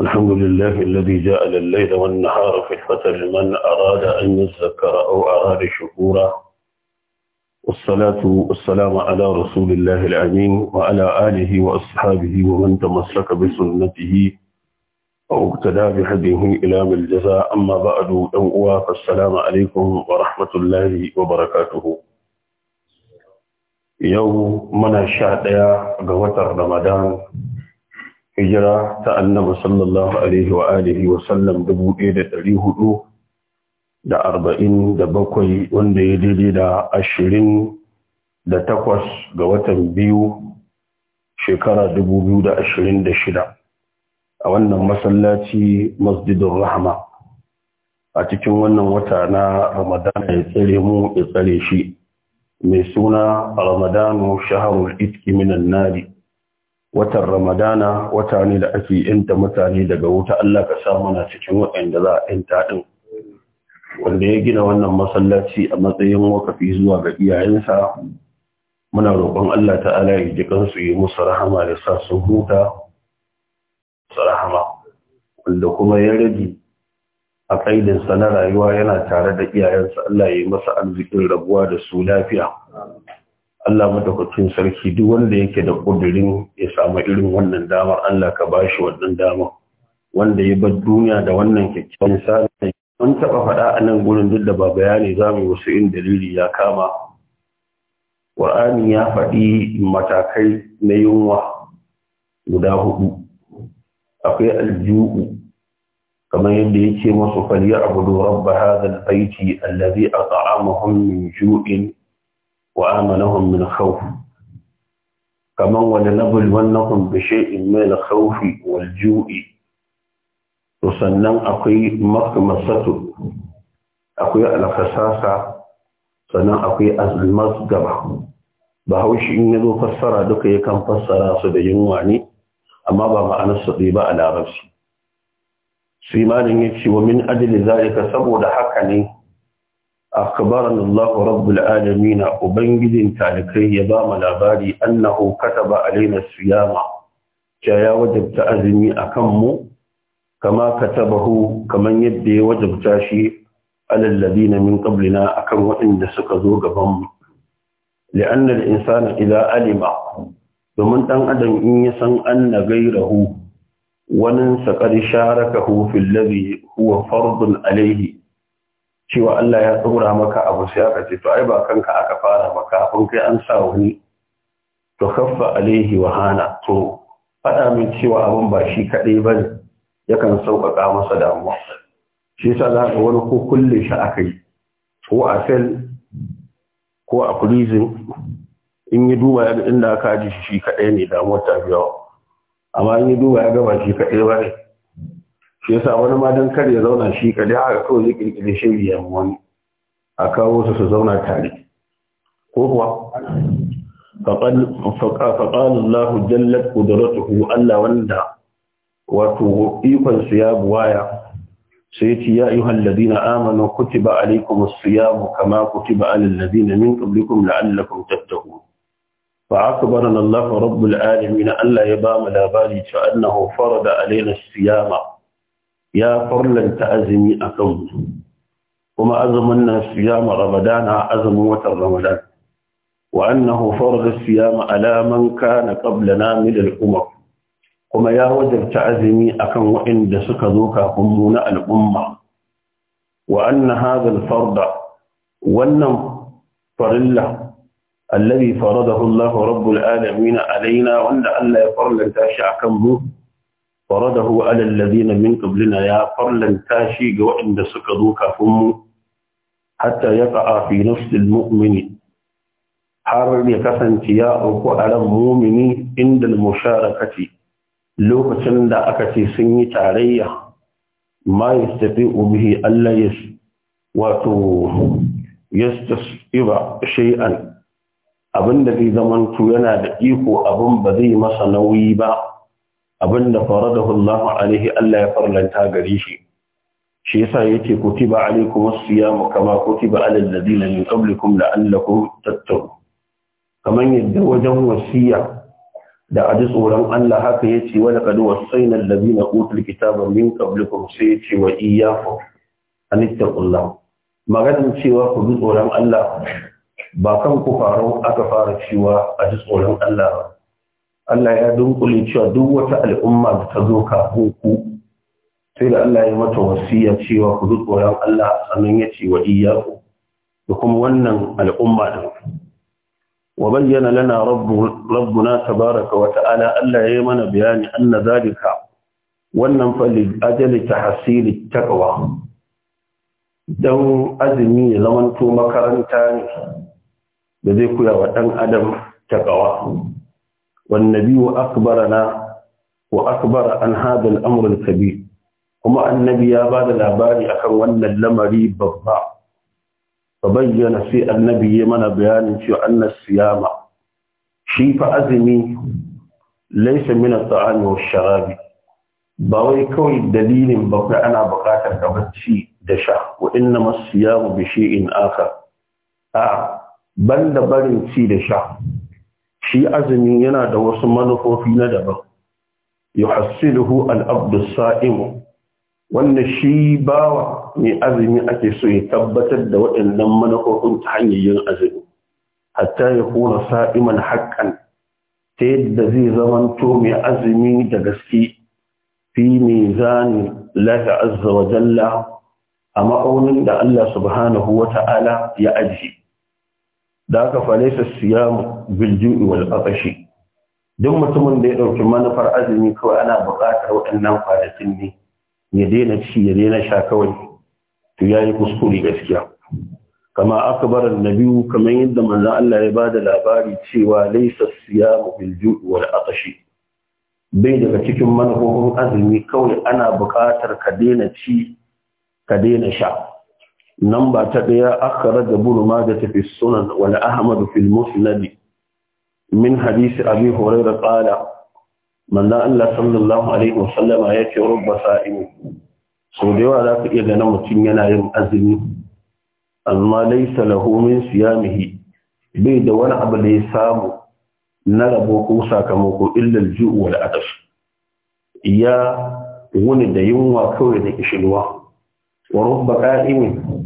والحمد لله الذي جعل الليل والنهار خلفة لمن أراد أن يذكر أو أراد شكورا والصلاة والسلام على رسول الله العمين وعلى آله وأصحابه ومن تمسك بسنته أو اقتدى بهديه إلى من الجزاء أما بعد أنقوا فالسلام عليكم ورحمة الله وبركاته يوم من شاء قوة رمضان hijira ta annabi sallallahu alaihi wa alihi wa sallam bakwai wanda ya daidai da ashirin da takwas ga watan biyu shekara shida, a wannan masallaci masjidin rahma a cikin wannan wata na ramadana ya tsare mu ya tsare shi mai suna ramadanu shaharul itki minan nari watan ramadana wata ne da ake yanta mutane daga wuta Allah ka sa mana cikin waɗanda za a yanta ɗin wanda ya gina wannan masallaci a matsayin wakafi zuwa ga iyayensa muna roƙon Allah ta'ala ya ji kansu yi musu rahama da sa sun huta su rahama wanda kuma ya rage a ƙaidinsa na rayuwa yana tare da iyayensa Allah ya yi masa arzikin rabuwa da su lafiya Allah madaukakin sarki duk wanda yake da kudirin ya samu irin wannan damar Allah ka bashi wannan dama. wanda ya bar duniya da wannan kyakkyawan sani mun taba faɗa a nan gurin duk da ba bayani za mu wasu in dalili ya kama Qur'ani ya faɗi matakai na yunwa guda huɗu, akwai alju'u kamar yadda yake masu abu da rabba hadha albayti allazi at'amahum min ju'in وآمنهم من خوف كما ولنبلونهم بشيء من الخوف والجوع وسنن أقي مقمصة أقي الخساسة سنن أقي المزقبة bahaushe in ya zo fassara duka yakan fassara su da yunwa ne amma ba ma'anar su ɗai ba a larabci yi malin ya ce wa min ajali zalika saboda haka ne أخبرنا الله رب العالمين وبنجد تالكي يبام لاباري أنه كتب علينا الصيام جايا وجب تأزمي أكم كما كتبه كمن يدي وجب تاشي على الذين من قبلنا أكم وإن سكزو قبم لأن الإنسان إذا ألم ومن أن أدم إن يسن أن غيره وننسى قد شاركه في الذي هو فرض عليه cewa Allah ya tsora maka abu sai aka ce to ai ba kanka aka fara ba kafin kai an sa wani to khaffa alaihi wa hana to fada min cewa abin ba shi kadai ba ne yakan sauƙaƙa masa damuwa shi yasa za ka wani ko kulle shi aka yi ko a sel ko a prison in yi duba ya ga inda aka ji shi kadai ne damuwar ta biyawa amma in yi duba ya ga ba shi kadai ba ne shi yasa wani ma don kar ya zauna shi kadai haka kawai zai kirkire shiri ya wani a kawo su su zauna tare ko kuwa faƙal Jallar jallat qudratuhu Allah wanda wato ikon su ya buwaya ya ayyuhal ladina amanu kutiba alaykumus siyamu kama kutiba alal na min qablikum la'allakum tattaqun na allah ya العالمين labari يبام لا بالي فأنه da علينا الصيام ya farlanta azumi a kansu kuma azumin nan siyama ramadana azumin watan ramadan wa annahu farda siyama ala kana qablana min al-umam kuma ya wajabta azumi akan waɗanda suka zo kafin mu na al'umma wa anna hadha al-farda wannan farilla alladhi faradahu Allah rabbul alamin alaina wanda Allah ya farlanta shi akan mu faradahu ala alladhina min qablina ya farlanta shi ga waɗanda suka zo kafin mu hatta yaqa fi nafsi almu'min har ya kasance ya auku a ran mumini inda musharakati lokacin da aka ce sun yi tarayya ma yastafi bihi Allah ya wato yastasiba shay'an da zai zamanto yana da iko abin ba zai masa nauyi ba abinda faradahu Allah alaihi Allah ya farlanta gare shi shi yasa yake kutiba alaikum as-siyam kama kutiba alal ladina min qablikum la'allakum tattaqun kaman yadda wajen wasiya da aji tsoron Allah haka yace wa laqad wasayna alladina utul kitaba min qablikum sai yace wa iyyakum an ittaqullah maganin cewa ku bi tsoron Allah ba kan ku faro aka fara cewa aji tsoron Allah ba. Allah ya dunkule cewa duk wata al'umma da ta zo kafin ku sai da Allah ya mata wasiya cewa ku zuwa ran Allah sannan ya ce wa iyyaku da kuma wannan al'umma da wa bayyana lana ta baraka wa ta'ala Allah ya yi mana bayani anna zalika wannan ajali ta ajali ta ƙawa. dan azumi ya zamanto makaranta ne da zai koya wa dan adam ta ƙawa. والنبي أخبرنا وأخبر عن هذا الأمر الكبير وما النبي يا بعد الأباري أكن وأن اللمري ببع فبين في النبي من بيان شو أن الصيام شيف أزمي ليس من الطعام والشراب باوي كوي دليل بقى أنا بقاتل كبتشي دشا وإنما الصيام بشيء آخر آه بل برن في دشا shi azumi yana da wasu manufofi na daban yuhassiluhu al-abdu Sa'imu, wanda shi bawa mai azumi ake so ya tabbatar da waɗannan manufofin ta hanyar yin azumi hatta ya kuna sa'iman haƙƙan ta yadda zai zamanto mai azumi da gaske fi mizani lahi azza wa jalla a ma'aunin da Allah subhanahu wa ta'ala ya ajiye da aka laysa siyam ju'i wal aqashi duk mutumin da ya dauki manufar azumi kawai ana buƙatar waɗannan kwanakin ne ya daina ci ya daina sha kawai to yayi kuskure gaskiya kama akbar annabi kamar yadda manzon Allah ya bada labari cewa laysa siyam ju'i wal aqashi bai daga cikin manufofin azumi kawai ana buƙatar ka daina ci ka daina sha namba ta ɗaya akhara da buru da tafi sunan wani ahmadu fil musnadi min hadisi abi horaira kala manda allah sallallahu alaihi wasallama ya ce rubba sa'imi so da yawa za ka iya da na mutum yana yin azumi amma laisa lahu ya siyamihi bai da wani abu da ya samu na rabo ko sakamako illa ju'u wal adaf ya wani da yunwa kawai da kishinwa wa rubba ka'imin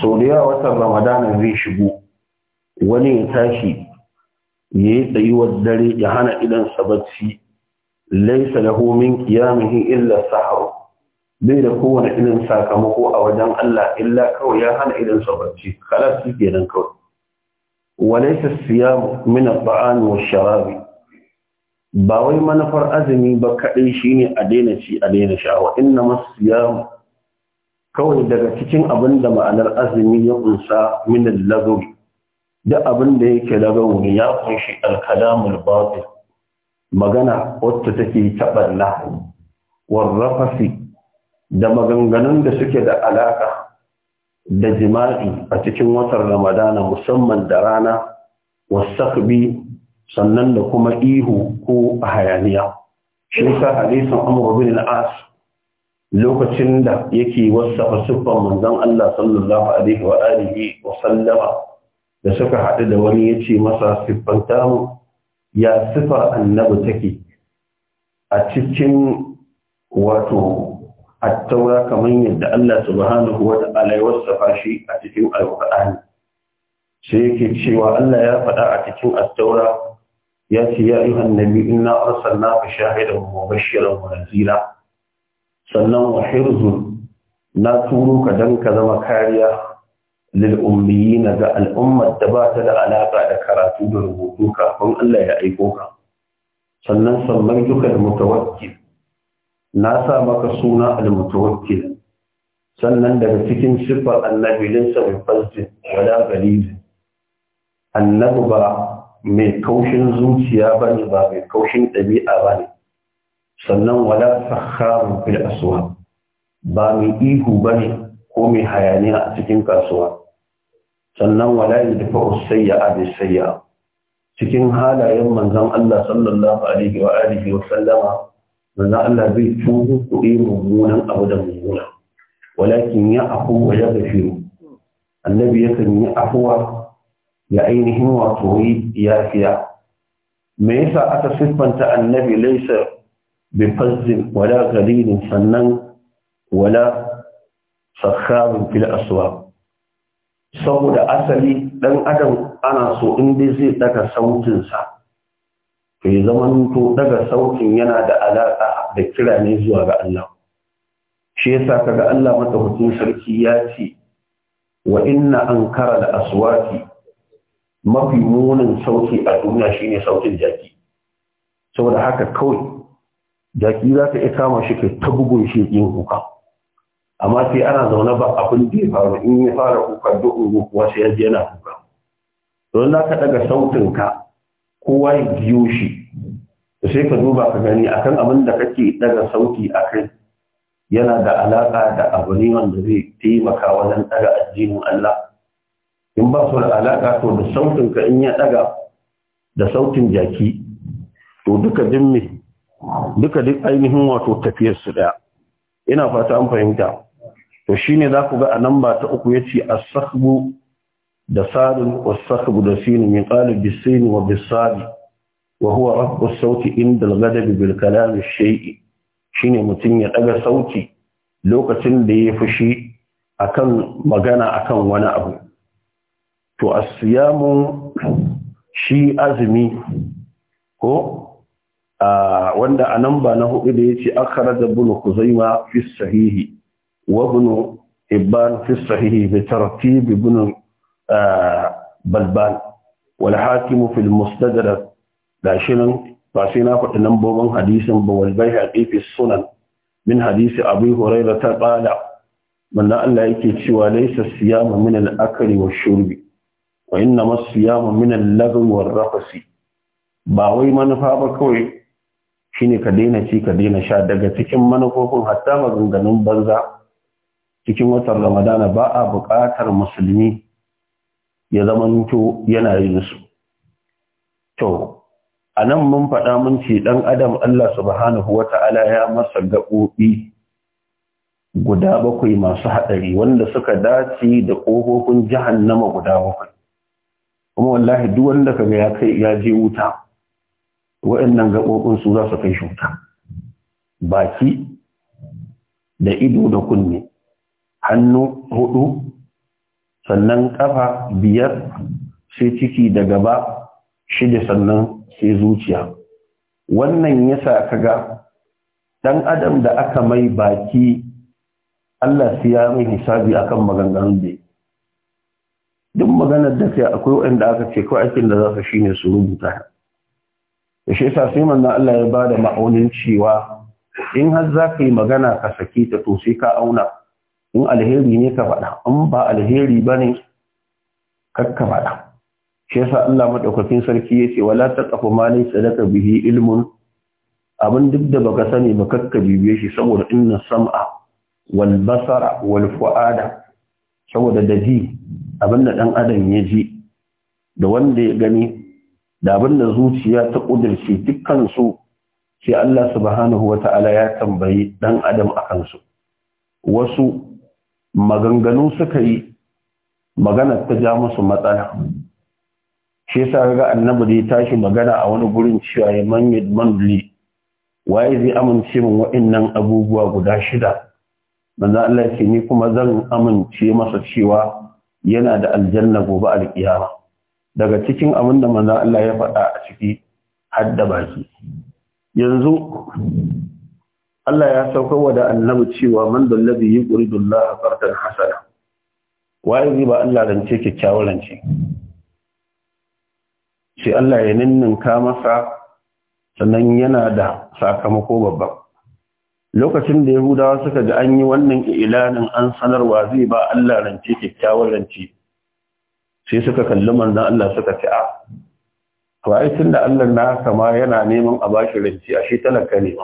sau da yawa watan ramadana zai shigo wani ya tashi ya yi tsayuwar dare ya hana idan sabacci laisa da homin kiyamihin illa sahar bai da kowane irin sakamako a wajen Allah illa kawai ya hana idan sabacci khalas ke nan kawai walaysa siya min at-ta'am wash ba wai manufar azumi ba shi shine a daina ci a daina sha wa inna masu siya kawai daga cikin abin da ma'anar azumi ya kunsa min laguri, lagawi duk abin da yake lagawi ya kunshi al-kalamul batil magana wacce take taɓalla warrafasi da maganganun da suke da alaka da jima'i a cikin watan ramadana musamman da rana wasakbi sannan da kuma ihu ko hayaniya shi sa hadisin amru bin al-as lokacin da yake wasafa siffar manzon Allah sallallahu alaihi wa alihi wa sallama da suka haɗu da wani ya ce masa siffanta mu ya siffar annabi take a cikin wato attaura kamar yadda Allah subhanahu wa ta'ala ya wasafa shi a cikin alƙur'ani sai yake cewa Allah ya faɗa a cikin attaura ya ce ya ayyuhan nabi inna arsalnaka shahidan wa bashiran wa nazira sannan wa hirzun na turo ka don ka zama kariya lil ga al'ummar da ba ta da alaƙa da karatu da rubutu kafin Allah ya aiko ka sannan sannan duka da mutawakkil na sa maka suna al-mutawakkil sannan daga cikin siffar annabi linsa mai fasjin wala galizi annabi ba mai kaushin zuciya ba ne ba mai kaushin ɗabi'a ba ne sannan wala sakharun fil aswa ba mai ihu bane ko mai hayaniya a cikin kasuwa sannan wala yadfa'u sayya'a bis sayya'a cikin halayen manzon Allah sallallahu alaihi wa alihi wa sallama manzon Allah bai tuhu kuɗi mummunan abu da mummuna walakin ya afu wa ya gafiru annabi yakan yi afuwa ya ainihin wato yi yafiya me yasa aka siffanta annabi laysa بفز ولا غليل sannan wala سخاب في الأسواق saboda asali ɗan adam ana so in dai zai daga sautinsa to ya zama ɗaga daga sautin yana da alaƙa da kira ne zuwa ga Allah shi yasa kaga Allah madaukakin sarki ya ce wa inna ankara da aswati mafi munin sauti a duniya shine sautin jaki saboda haka kawai jaki za ka iya kama shi kai ta bugun shi yin kuka amma sai ana zaune ba abin da ya faru in ya fara kuka duk kuwa sai ya je yana kuka don za ka daga ka, kowa ya biyo shi da sai ka duba ka gani akan abin da kake daga sauti a kai yana da alaƙa da abu ne wanda zai taimaka wajen daga addinin Allah in ba su da alaƙa to da sautin ka in ya daga da sautin jaki to duka jin duka duk ainihin wato tafiyar su daya ina fata an fahimta to shine za ku ga a namba ta uku yace a sahbu da sadun was sahbu da sinin min qalib bis-sin wa bis-sad wa huwa rafu as-sawti inda al bil kalami ash-shay'i shine mutum ya ɗaga sauti lokacin da ya fushi akan magana akan wani abu to as-siyamu shi azumi ko wanda a nan ba na hudu da ya ce akara da bunu ku zai ma fi sahihi wa bunu ibban fi sahihi bi tartibi bunu balban wal hakimu fil mustadrak da nan ba sai na faɗi lambobin hadisin ba wal bai haƙiƙi sunan min hadisi abu huraira ta ƙala manna Allah yake cewa laisa siyama min al-akali wa shurbi wa inna ma min al-lagwi wa ba wai manufa ba kawai shine ka daina ci ka daina sha daga cikin manufofin hatta maganganun banza cikin watan ramadana ba a buƙatar musulmi ya zama nito yana yin su to a nan mun faɗa mun ce ɗan adam Allah subhanahu wa ta'ala ya masa gaɓoɓi guda bakwai masu haɗari wanda suka dace da ƙofofin nama guda bakwai kuma wallahi duk wanda kaga ya ya je wuta wa'annan gaɓoɓin su za su kai shuta baki da ido da kunne hannu hudu sannan kafa biyar sai ciki da gaba shida sannan sai zuciya wannan yasa kaga ɗan adam da aka mai baki Allah sai ya mai hisabi akan maganganun da duk maganar da kai akwai waɗanda aka ce kawai aikin da za su shine su rubuta Yashe shi yasa sai manzo Allah ya bada ma'aunin cewa in har za ka yi magana ka sake ta to sai ka auna in alheri ne ka faɗa in ba alheri bane, ne kar ka faɗa shi yasa Allah madaukakin sarki yace wala taqafu ma laysa laka bihi ilmun abin duk da baka sani ba kakka bibiye shi saboda inna sam'a wal basara wal fu'ada saboda da ji abin da dan adam ya ji da wanda ya gani da abin zuciya ta ƙudurce dukkansu sai Allah subhanahu wa ta'ala ya tambayi ɗan adam a kansu. Wasu maganganu suka yi magana ta ja musu matsala. Shi yasa ga annabi da ya tashi magana a wani gurin cewa ya manye manduli waye zai amince min wa'annan abubuwa guda shida. Manzo Allah ce ni kuma zan amince masa cewa yana da aljanna gobe alƙiyama. daga cikin abin da manzo Allah ya faɗa a ciki hadda baki yanzu Allah ya sauka wa da annabi cewa man dallabi yuridu Allah qardan hasana waye zai ba Allah rance kyakkyawar rance shi Allah ya ninninka masa sannan yana da sakamako babba lokacin da yahudawa suka ji an yi wannan ilanin an sanarwa zai ba Allah rance kyakkyawar rance sai suka kalli manzan Allah suka ce a ah, to ai da Allah na kama yana neman a bashi ranci a shi talaka ne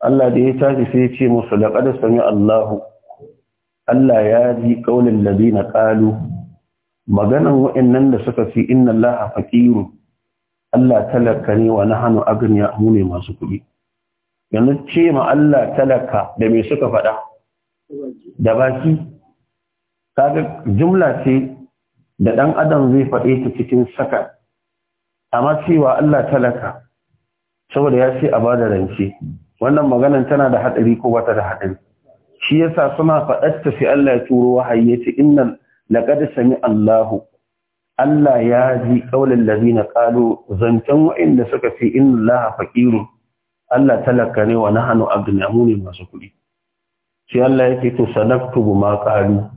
Allah da ya tashe sai ya ce musu da sami Allahu Allah ya ji kaulin ladina ƙalu maganan wa'annan da suka fi inna Allah faƙiru Allah talaka ne wa hannu agniya mu ne masu kuɗi yanzu ce ma Allah talaka da me suka faɗa da baki kaga jumla ce da ɗan adam zai faɗe ta cikin saka amma cewa Allah talaka saboda ya ce a bada rance wannan maganan tana da haɗari ko bata da haɗari shi yasa suna faɗar ta sai Allah ya turo wahayi ya ce innan laqad sami Allahu Allah ya ji ƙaunar lalina ƙalo zancen wa'inda suka ce in Allah faƙiru, Allah talaka ne wa nahanu abdullamuni masu kuɗi. Shi Allah yake to sanaktubu ma ƙalu,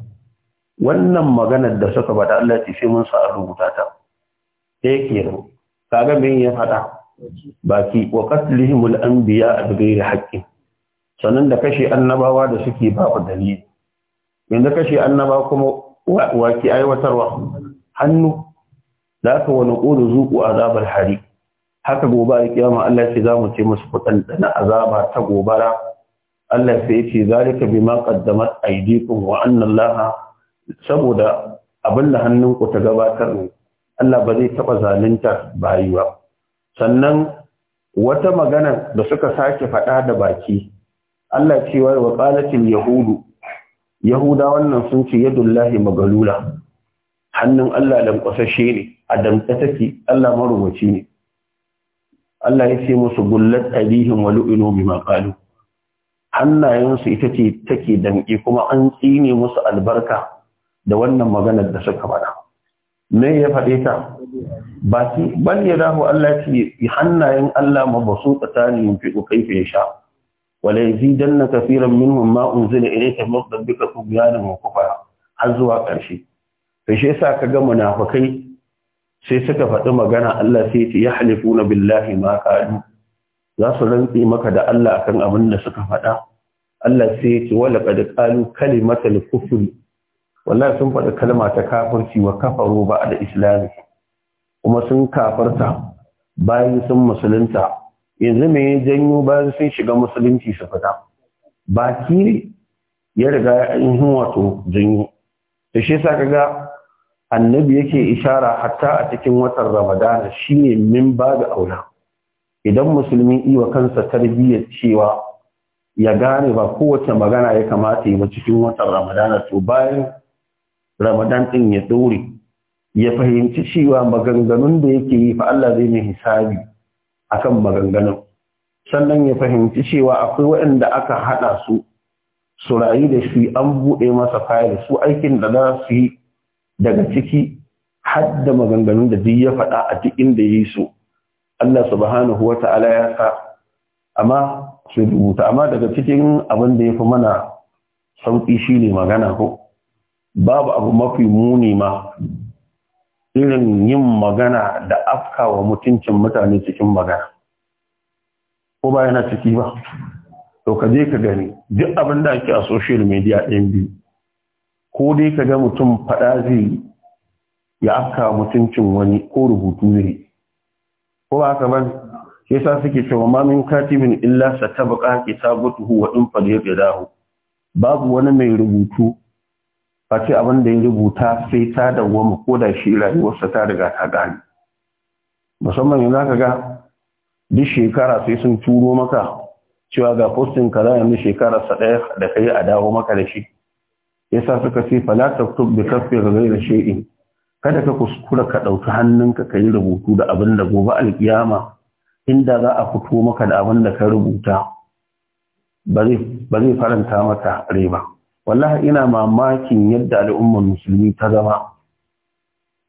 wannan maganar da suka bada Allah ce sai mun sa a rubuta ta sai kenan kaga me ya fada baki wa qatlihim anbiya bi ghairi haqqin sannan da kashe annabawa da suke ba ku dalili yanzu kashe annaba kuma wa ki aiwatarwa hannu da ka wani qulu zuqu azabal hari haka gobe a kiyama Allah ce za mu ce musu kudan dana azaba ta gobara Allah sai ya ce zalika bima qaddamat aydikum wa anna Allah saboda abin da hannunku ta gabatar ne Allah ba zai taɓa zalunta bayi ba sannan wata magana da suka sake faɗa da baki Allah cewa wa qalatil yahudu yahuda wannan sun ce yadullahi magalula hannun Allah lankwasashe ne a damta take Allah marubuci ne Allah ya ce musu gullat abihin wa lu'inu bima qalu hannayensu ita ce take danƙe kuma an tsine musu albarka da wannan maganar da suka faɗa me ya faɗe ta ba ki bal ya dahu Allah ce hannayen Allah mabasu tsakani yin fiƙo kaifa ya sha wala yazidanna min mun ma unzila ilayka min rabbika tughyanan wa kufara har zuwa ƙarshe to shi yasa ga munafakai sai suka faɗi magana Allah sai ce na billahi ma qalu za su rantsi maka da Allah akan abin da suka faɗa Allah sai ce wala qad qalu kalimatal kufri wallahi sun faɗi kalma ta kafirci wa kafaru ba da islami kuma sun kafarta bayan sun musulunta yanzu mai ya janyo bayan sun shiga musulunci su fita baki ne ya riga ya ainihin wato janyo da shi sa ka ga? annabi yake ishara hatta a cikin watan ramadana ne min ba da aula idan musulmi iwa kansa tarbiyya cewa ya gane ba kowace magana ya kamata yi ba cikin watan ramadana to bayan ramadan ɗin ya dore ya fahimci cewa maganganun da yake yi fa Allah zai mai hisabi akan maganganun sannan ya fahimci cewa akwai waɗanda aka haɗa su su rayu da shi an buɗe masa fayil su aikin da za su yi daga ciki har da maganganun da duk ya faɗa a duk inda ya yi su Allah subhanahu wa ta'ala ya sa amma su rubuta amma daga cikin abin da ya fi mana sauƙi shine magana ko babu abu mafi muni ma irin yin magana da afka wa mutuncin mutane cikin magana ko ba yana ciki ba to ka je ka gani duk abin da ake a social media ɗin biyu ko dai ka ga mutum faɗa zai ya afka mutuncin wani ko rubutu zai ko ba ka ban Ke sa suke cewa ma min katibin illa satabqa kitabuhu wa in fadiyadahu babu wani mai rubutu face abin da ya rubuta sai ta dawwama ko da shi rayuwarsa ta riga ta gani musamman yanzu aka ga duk shekara sai sun turo maka cewa ga postin kaza yanzu shekararsa ɗaya da kai a dawo maka da shi yasa suka ce fala taktub bi zai da shay'in kada ka kuskura ka ɗauki hannunka yi rubutu da abin da gobe alkiyama inda za a fito maka da abin da ka rubuta ba zai faranta maka riba wallahi ina mamakin yadda al'ummar musulmi ta zama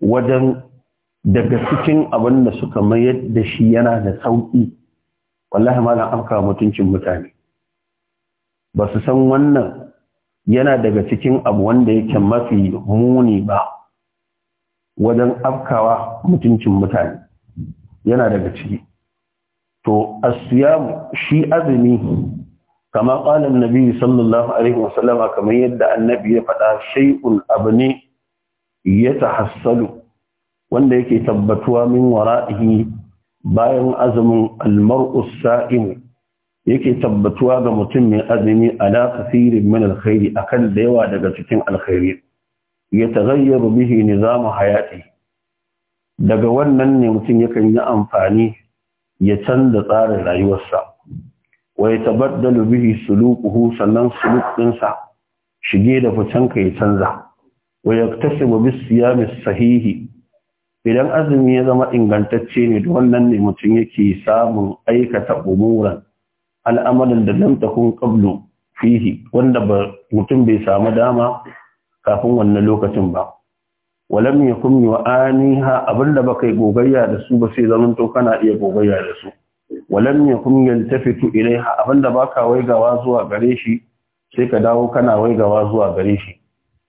wajen daga cikin abin da suka mayar da shi yana da sauƙi wallahi malam afka mutuncin mutane ba su san wannan yana daga cikin abu wanda yake mafi muni ba wajen afkawa mutuncin mutane yana daga ciki to asiyamu shi azumi kama ƙwalin nabi sallallahu alaihi wasallama kamar yadda annabi ya faɗa shai'un abu ne ya tahassalu wanda yake tabbatuwa min wara'ihi bayan azumin almar'us sa'imu yake tabbatuwa ga mutum mai azumi ala kasirin min alkhairi akan da yawa daga cikin alkhairi ya tagayyaru bihi nizamu hayati daga wannan ne mutum yakan yi amfani ya canza tsarin rayuwarsa wa ya tabaddalu bihi suluquhu sannan suluk ɗinsa shige da fitan ka ya canza wa yaktasibu bis siyami sahihi idan azumi ya zama ingantacce ne da wannan ne mutum yake samun aikata umuran al'amarin da lam takun qablu fihi wanda mutum bai samu dama kafin wannan lokacin ba walam yakun yu'aniha abinda baka yi gogayya da su ba sai zaman to kana iya gogayya da su walam yakun yantafitu ilaiha abinda baka waigawa zuwa gare shi sai ka dawo kana waigawa zuwa gare shi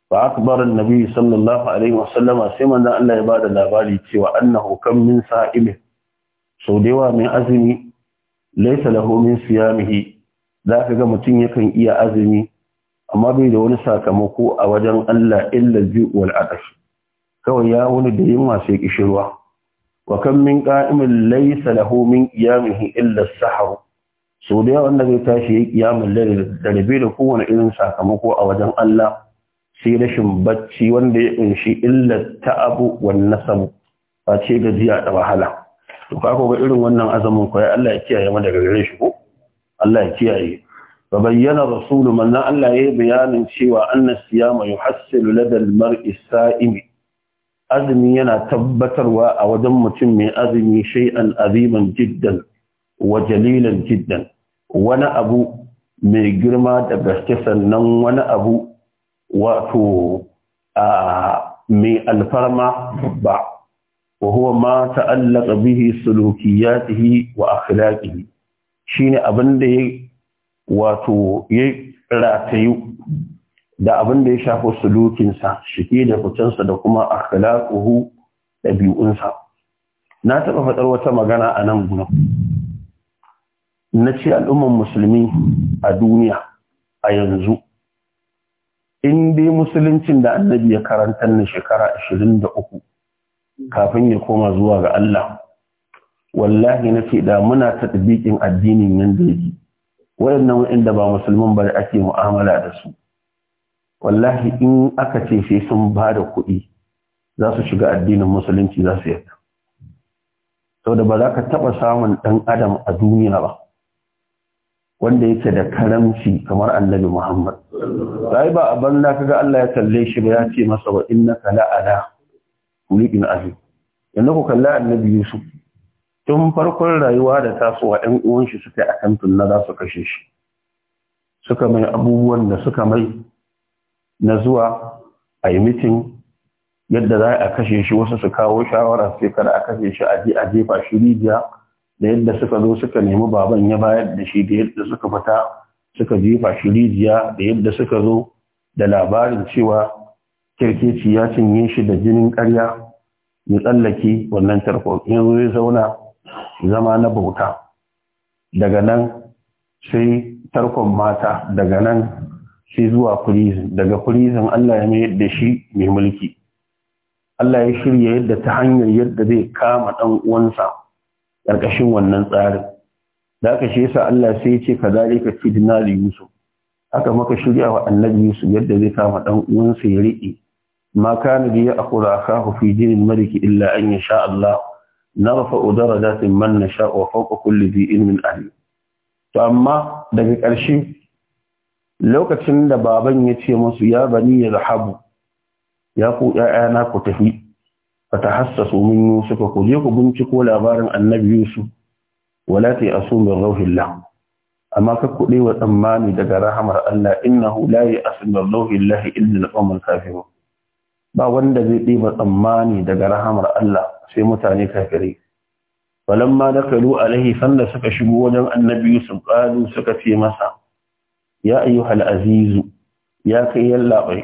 fa akbar annabi sallallahu alaihi wasallam sai manzo Allah ya bada labari cewa annahu kam min sa'im sau da yawa mai azumi laysa lahu min siyamihi ka ga mutum yakan iya azumi amma bai da wani sakamako a wajen Allah illa bi'u al'adashi. kawai ya wani da yunwa sai kishirwa wa kan min qa'imin laysa lahu min qiyamihi illa as so da wanda zai tashi yayi qiyamul layl da rabe da kowane irin sakamako a wajen Allah sai rashin bacci wanda ya ƙunshi illa ta'abu wan nasab ba ce gajiya da wahala to ka ga irin wannan azumin koyi Allah ya kiyaye mu daga gare shi ko Allah ya kiyaye fa bayyana rasulu manna Allah ya bayanin cewa anna siyama yuhassilu ladal mar'i sa'imi azumi yana tabbatarwa a wajen mutum mai azumi shay'an aziman jiddan wa jalilan jiddan wani abu mai girma da gaske sannan wani abu wato a mai alfarma ba وهو ما تعلق به سلوكياته abin da ya دي واتو ratayu da abin da ya shafi sulukinsa shige da ficensa da kuma akhlaquhu ɗabi'unsa na taɓa faɗar wata magana a nan gurin na al'umman musulmi a duniya a yanzu in dai musuluncin da annabi ya karanta na shekara 23 kafin ya koma zuwa ga Allah wallahi na ce da muna taɗbiƙin addinin yadda yake waɗannan waɗanda ba musulman ba da ake mu'amala da su wallahi in aka ce sai sun ba da kuɗi za su shiga addinin musulunci za su yadda saboda ba za ka taɓa samun ɗan adam a duniya ba wanda yake da karamci kamar annabi Muhammad. Sai ba a ka ga Allah ya kalle shi ba ya ce masa wa innaka la'ala kulikin aji. Yanzu ku kalla annabi Yusuf. Tun farkon rayuwa da tasowa ɗan uwan shi suka yi akan tunna za su kashe shi. Suka mai abubuwan da suka mai na zuwa a yi mitin yadda za a kashe shi wasu su kawo shawara sai kada a kashe shi a jefa shi rijiya da yadda suka zo suka nemi baban ya bayar da shi da yadda suka fita suka jefa shi rijiya da yadda suka zo da labarin cewa kirkeci ya cinye shi da jinin ƙarya ya tsallake wannan tarko yanzu ya zauna zama na bauta daga nan sai tarkon mata daga nan sai zuwa prison daga prison Allah ya mayar da shi mai mulki Allah ya shirya yadda ta hanyar yadda zai kama dan uwansa ƙarƙashin wannan tsarin da aka shi yasa Allah sai ya ce kadhalika fidna li yusuf aka maka shirya wa annabi yusuf yadda zai kama dan uwansa ya riƙe ma kana bi akhudha akahu fi dinin maliki illa an yasha Allah narfa'u darajatin man nasha wa fawqa kulli dhi ilmin ahli to amma daga ƙarshe lokacin da baban ya ce musu ya bani ya zahabu ya ku ‘ya'yana ku tafi ka ta hassasu min Yusuf ku je ku binciko labarin annabi Yusuf wala ta yi asu min rauhillah amma ka kuɗe wa tsammani daga rahamar Allah innahu la yi asu min rauhillah illa al-qawmul kafirun ba wanda zai ɗeba tsammani daga rahamar Allah sai mutane kafirai falamma dakalu alaihi sanda suka shigo wajen annabi Yusuf qalu suka ce masa ya ayyuhal azizu ya kai yallaɓai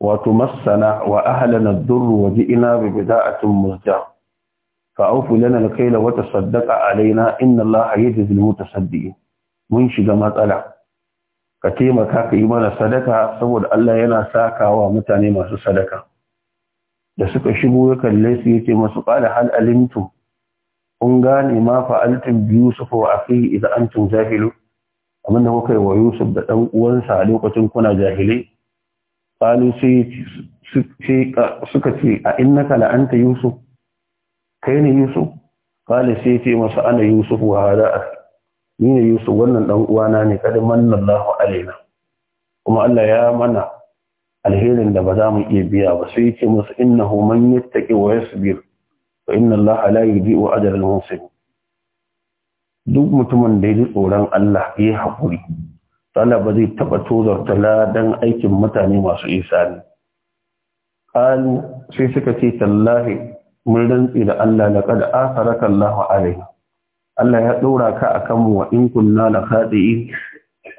wato masana wa ahalana durru wa ji'ina bi bida'atin murja fa aufu lana alkayla wa tasaddaqa alaina inna allaha yajzi almutasaddiqin mun shiga matsala ka taimaka ka yi mana sadaka saboda Allah yana sakawa mutane masu sadaka da suka shigo ya kalle su yake masu qala hal alimtu kun gane ma fa'altum bi yusuf wa akhihi idza antum jahilun abin da kuka yi wa Yusuf da ɗan uwansa a lokacin kuna jahilai qalu sai suka ce a innaka la anta Yusuf kai ne Yusuf qala sai ce masa ana Yusuf wa hada ni ne Yusuf wannan ɗan uwana ne kada manna Allahu alaina kuma Allah ya mana alherin da ba za mu iya biya ba sai ce musu homon man yattaqi wa yasbir "Ba inna Allah la yudhi'u ajra al duk mutumin da ya ji tsoron Allah ya haƙuri Salaba ba zai taɓa tala don aikin mutane masu isa ne Ƙalu sai suka ce tallahi mun rantsi da Allah da laqad asaraka Allah alaihi Allah ya ɗora ka a mu wa in kunna da khadi'in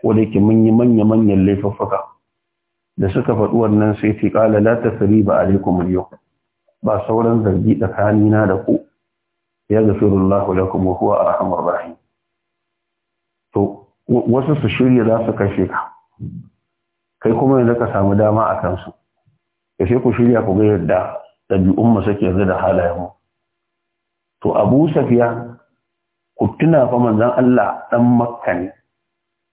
ko da ke mun yi manya manyan laifuffuka da suka faɗi wannan sai ce qala la ba alaikum yau ba sauran zargi tsakanina da ku Ya yaghfiru Allahu lakum wa huwa arhamur rahim to wasu su shirya za su kashe ka kai kuma yanzu ka samu dama a kansu kashe ku shirya ku ga yadda ɗabi'un mu suke yanzu da halayen mu to Abu Safiya ku tuna fa manzon Allah ɗan Makka ne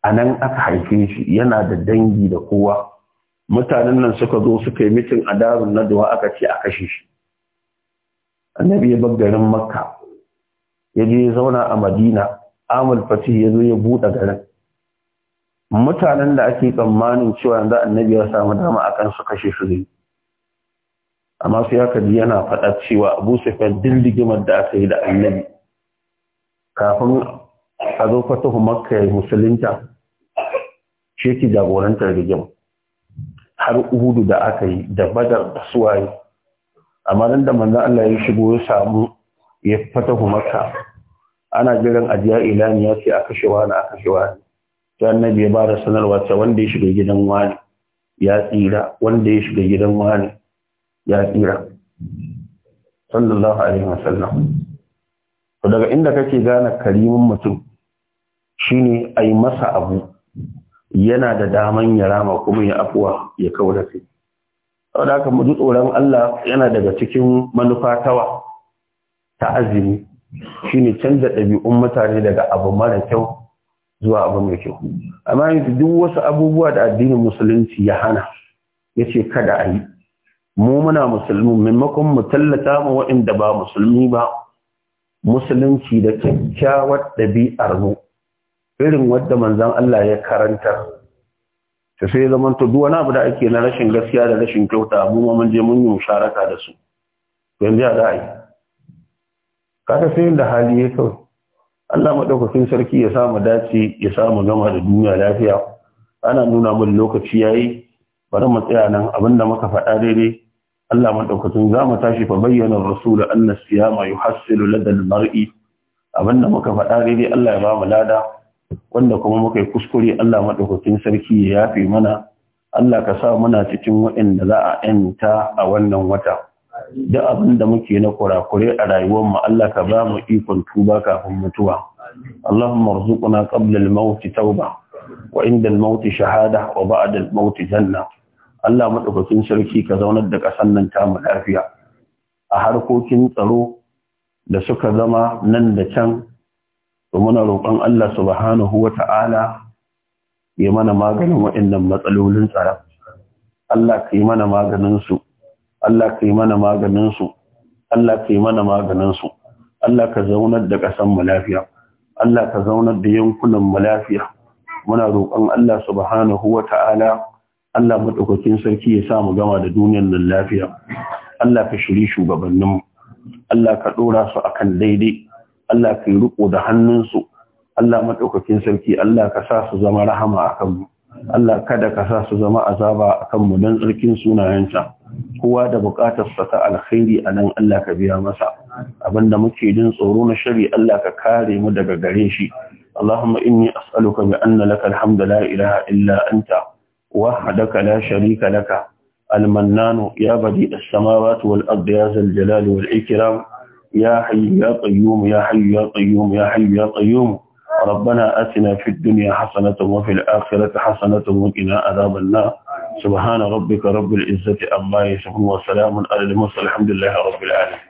a nan aka haife shi yana da dangi da kowa mutanen nan suka zo suka yi mitin a darun aka ce a kashe shi annabi ya bar garin makka ya je ya zauna a madina amul fatih ya zo ya buɗe garin mutanen da ake tsammanin cewa yanzu annabi ya samu dama a kansu kashe su zai amma sai aka ji yana faɗa cewa abu sufyan dindigimar da aka yi da annabi kafin a zo fatahu makka ya musulunta shi jagorantar rigima har uhudu da aka yi da badar da suwaye amma nan da manzan Allah ya shigo ya samu ya fatahu maka ana jiran ajiya ilani ya ce a kashe wani a kashe wani sai annabi ya bada sanarwa ta wanda ya shiga gidan wani ya tsira wanda ya shiga gidan wani ya tsira sallallahu alaihi wasallam to daga inda kake gane karimin mutum shine ai masa abu yana da daman ya rama kuma ya afuwa ya kaura kai saboda haka mu ji tsoron Allah yana daga cikin manufa tawa ta azumi shine canza ɗabi'un mutane daga abu mara kyau zuwa abu mai kyau amma yanzu duk wasu abubuwa da addinin musulunci ya hana ya ce kada a yi mu muna musulmi maimakon mu tallata mu waɗanda ba musulmi ba musulunci da kyakkyawar ɗabi'ar mu irin wadda manzan Allah ya karanta ta sai zaman to duk wani abu da ake na rashin gaskiya da rashin kyauta mu ma mun je mun yi musharaka da su yanzu ya za a yi Kaka sai da hali ya kawai Allah madaukakin sarki ya samu dace ya samu gama da duniya lafiya ana nuna mun lokaci yayi bari mu tsaya nan abinda muka faɗa daidai Allah madaukakin za mu tashi fa bayyana rasul anna siyama yuhassilu lada al-mar'i abinda muka faɗa daidai Allah ya ba mu lada wanda kuma muka yi kuskure Allah maɗaukacin sarki ya yafe mana Allah ka sa muna cikin waɗanda za a 'yanta a wannan wata duk abin da muke na kurakure a rayuwar mu Allah ka bamu ikon tuba kafin mutuwa Allahumma arzuqna qabla al-maut tauba wa inda al shahada wa ba'da al-maut janna Allah madaukakin sarki ka zaunar da kasan nan ta mu lafiya a harkokin tsaro da suka zama nan da can to muna roƙon Allah subhanahu wa ta'ala ya mana maganin waɗannan matsalolin tsara Allah ka yi mana su. Allah ka yi mana maganinsu, Allah ka yi mana maganinsu, Allah ka zaunar da ƙasanmu lafiya, Allah ka zaunar da yankunan lafiya. Muna roƙon Allah subhanahu wa ta'ala, Allah maɗaukakin sarki ya sa mu gama da duniyar nan lafiya. Allah ka shiri shugabanninmu, Allah ka ɗora su a kan daidai, Allah ka yi riƙo da hannunsu, Allah maɗaukakin sarki, Allah ka sa su zama rahama a kanmu. Allah kada ka sa su zama azaba a kanmu don tsarkin sunayensa. kowa da bukatar sa ta alkhairi a nan Allah ka biya masa abinda muke jin tsoro na shari Allah ka kare mu daga gare shi Allahuma Allahumma asalu ka bi anna laka alhamdu la ilaha illa anta wahdaka la sharika laka almannanu ya badi as-samawati wal ardi ya zal jalal wal ikram ya hayyu ya qayyum ya hayyu ya qayyum ya hayyu ya qayyum ربنا آتنا في الدنيا حسنة وفي الآخرة حسنة وقنا عذاب النار subhana rabbika rabbil izzati amma yasifun wa salamun alal mursalin alhamdulillahi rabbil alamin